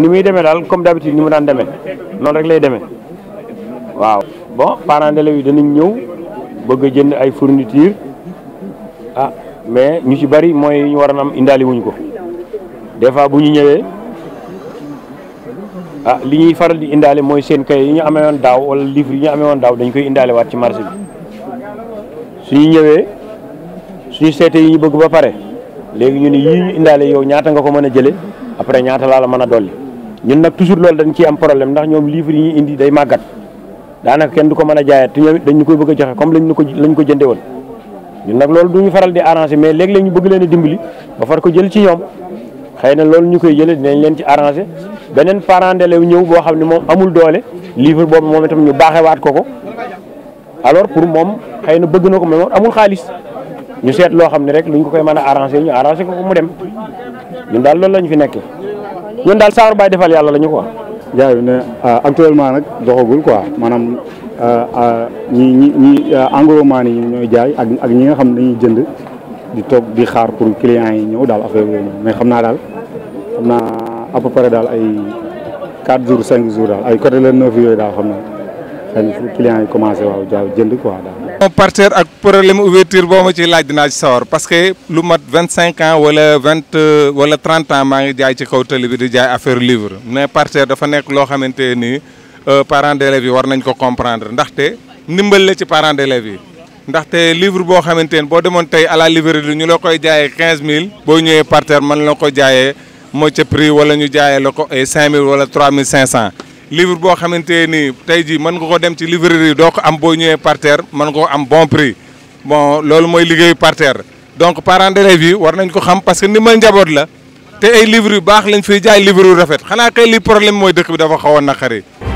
ni muy demee daal comme d'habitude ni mu daan demee noonu rek lay demee waaw bon parents d'élèves yi danañ ñëw bëgg a jënd ay fourniture ah mais ñu ci bari mooy ñu war a am indaali wuñ ko des fois bu ñu ñëwee ah li ñuy faral di indaale mooy seen kay yi ñu amee woon daaw wala livre yi ñu amee woon daaw dañ koy indaale waat ci marché bi suñu ñëwee suñu seete yi ñu bëgg ba pare léegi ñu ne yii ñu indaale yow ñaata nga ko mën a jëlee après ñaata laa la mën a dolli ñun nag toujours loolu dañ ciy am problème ndax ñoom livre yi ñu indi day màggat daanaka kenn du ko mën a jaayaat te ñoom dañ ñu koy bëgg a joxe comme lañ ñu ko lañ ko jënde woon ñun nag loolu du ñu faral di arrangé mais léeg-léeg ñu bëgg leen a ba far ko jël ci ñoom xëy na loolu ñu koy jëlee dinañ leen ci arrangé beneen parent d'élève ñëw boo xam ne moom amul doole livre boobu moom itam ñu baaxewaat ko ko alors pour moom xëy na bëgg na ko mais amul xaalis ñu seet loo xam ne rek luñ ko koy mën a arrangé ñu arrangé ko mu dem ñun daal loolu lañ fi nekkee ñun daal Saawar Baay defal yàlla lañu ko quoi. jaay bi ne ah, actuellement nag doxagul quoi maanaam ah, ah, ñi ñi ñi engrossement ñu ñooy jaay ak ak ñi nga xam dañuy jënd di toog di xaar pour clients yi ñëw daal affaire yooyu mais xam naa daal xam naa à peu près daal ay 4 jours 5 jours daal ay côté le 9 yooyu daal xam naa. xëy client yi commencé waaw jaaw jënd quoi daal. bon par ak problème ouverture boo ma ci laaj dinaa ci sawar parce que lu mat vingt cinq ans wala vingt wala trente ans maa ngi jaay ci kaw tali bi di jaay affaire livre mais par terre dafa nekk loo xamante ni euh, parents d'élèves yi war nañ ko comprendre ndaxte ndimbal la ci parents d'élèves yi. ndaxte livre boo xamante ni boo demoon tey à la librairie ñu la koy jaayee quinze mille boo ñëwee par man mën la ko jaayee moo ca prix wala ñu jaayee la ko ay cinq mille wala trois mille cinq cent livre boo xamante ni tey jii mën nga ko dem ci librairie doo ko am boo ñëwee parterre mën nga ko am bon prix bon loolu mooy liggéeyu parterre donc parents d'élèves yi war nañ ko xam parce que ni ndimbal njaboot la te ay livres yu baax lañ fiy jaay livre yu rafet xanaa kay li problème mooy dëkk bi dafa xawoon a naqari